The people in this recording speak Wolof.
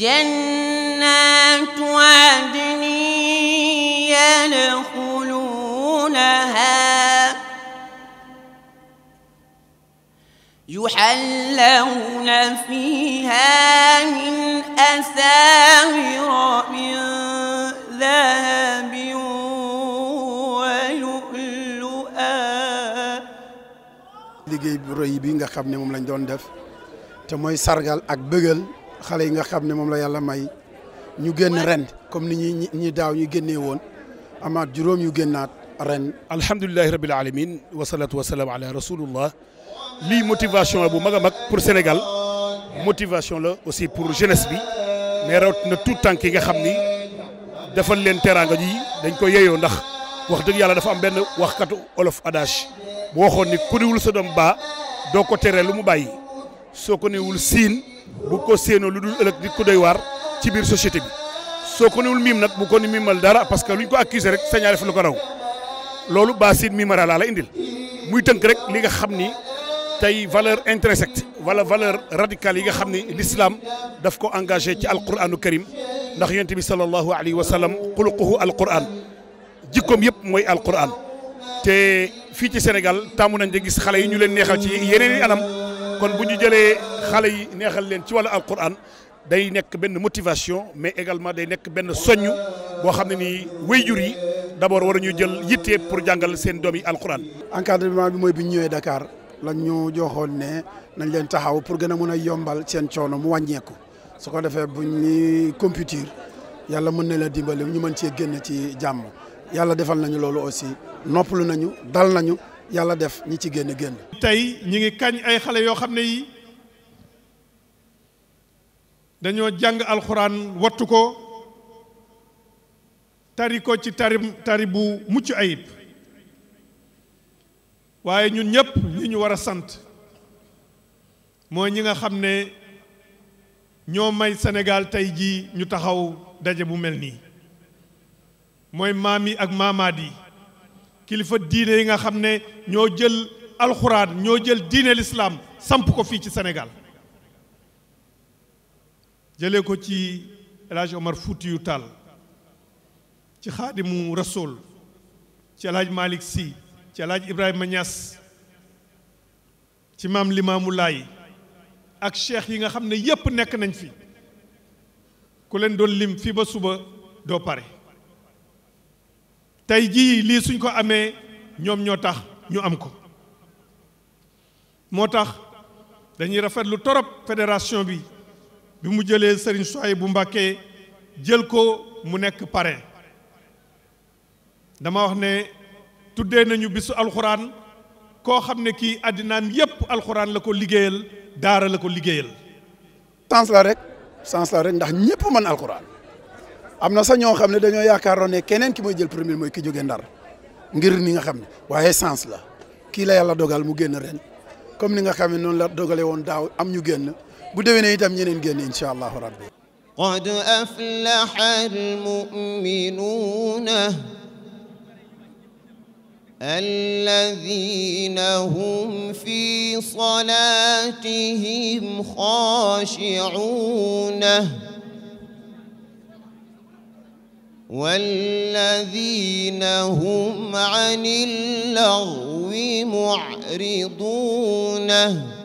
جنات عدن يدخلونها يحلون فيها من أساور من ذهب ولؤلؤا xale yi nga xam ne moom la yàlla may ñu génn ren comme ni ñuy ñi daaw ñu génnee woon amaat juróom yu génnaat ren. alhamdulilahi rabil alamin wasalaatu wasalaam ala rasulullah lii motivation bu mag a mag pour Sénégal motivation la aussi pour jeunesse bi mais rawat na tout tànk yi nga xam ni defal leen teraanga ji dañ ko yeyoo ndax wax dëgg yàlla dafa am benn waxkatu olof adage bu waxoon ni ku diwul baa doo ko teree lu mu bàyyi. soo ko newul siin bu ko séenoo lu dul ëllëg nit ku doy waar ci biir société bi soo ko newul miim nag bu ko ni miimal dara parce que luñ ko accusé rek sañaale fa lu ko raw loolu ba siin miimara laa la indil muy tënk rek li nga xam ni tey valeur sect wala valeur radicale yi nga xam ni l'islam daf ko engagé ci alquranu karim ndax yonent bi sallallahu alayhi wa sallam xuluquhu alquran jikkoom yëpp mooy alquran te fii ci Sénégal tàmm nañ kon buñu jëlé xalé yi neexal leen ci wàllu alquran day nekk ben motivation mais également day nekk ben soñu bo xam ni wayjur yi d'abord war ñu jël yittee pour jangal seen doom yi alquran. encadrement bi moy bi ñëwé Dakar lañ ñu joxone ne nañ leen taxaw pour gëna mëna yombal seen coono mu wàññeeku su ko defee bu ñuy compétir yàlla mën la dimbalé ñu mën cee génn ci jamm yalla défal nañu lolu aussi noppalu nañu dal nañu. yàlla def ñi ci génn génn. tey ñi ngi kañ ay xale yoo xam yi dañoo jàng alxuraan wattu ko tari ko ci tari tari bu mucc ayib waaye ñun ñëpp ñi ñu war a sant mooy ñi nga xam ne ñoo may Sénégal tey jii ñu taxaw daje bu mel nii mooy maam yi ak maamaat yi. kilifa diine yi nga xam ne ñoo jël alxuraan ñoo jël diine lislaam samp ko fii ci Sénégal jëlee ko ci El Hadj Omar Foutiyou Tall ci xaadimu rasool ci El Hadj Malick Sy ci El Hadj Ibrahima Niass ci maam Limaamu Laay ak cheikh yi nga xam ne yépp nekk nañ fi ku leen doon lim fii ba suba doo pare tey jii lii suñ ko amee ñoom ñoo tax ñu am ko moo tax dañuy rafetlu torop fédération bi bi mu jëlee Serigne bu Mbacké jël ko mu nekk parrain dama wax ne tuddee nañu bisu alxuraan koo xam ne kii àddinaam yépp alxuraan la ko liggéeyal daara la ko liggéeyal. sens rek sens la rek ndax ñépp mën alxuraan. amna na sax ñoo xamne dañoo yaakaaroon ne keneen ki moy jël premier moy ki jóge ndar ngir ni nga xamne waye essence la ki la yàlla dogal mu génn ren comme ni nga xamne non la dogale won daw am ñu génn bu déwénee itam ñeneen génn inshallah rabbi qad aflaha almu'minuuna الذين هم في صلاتهم خاشعون والذين هم عن اللغو معرضونه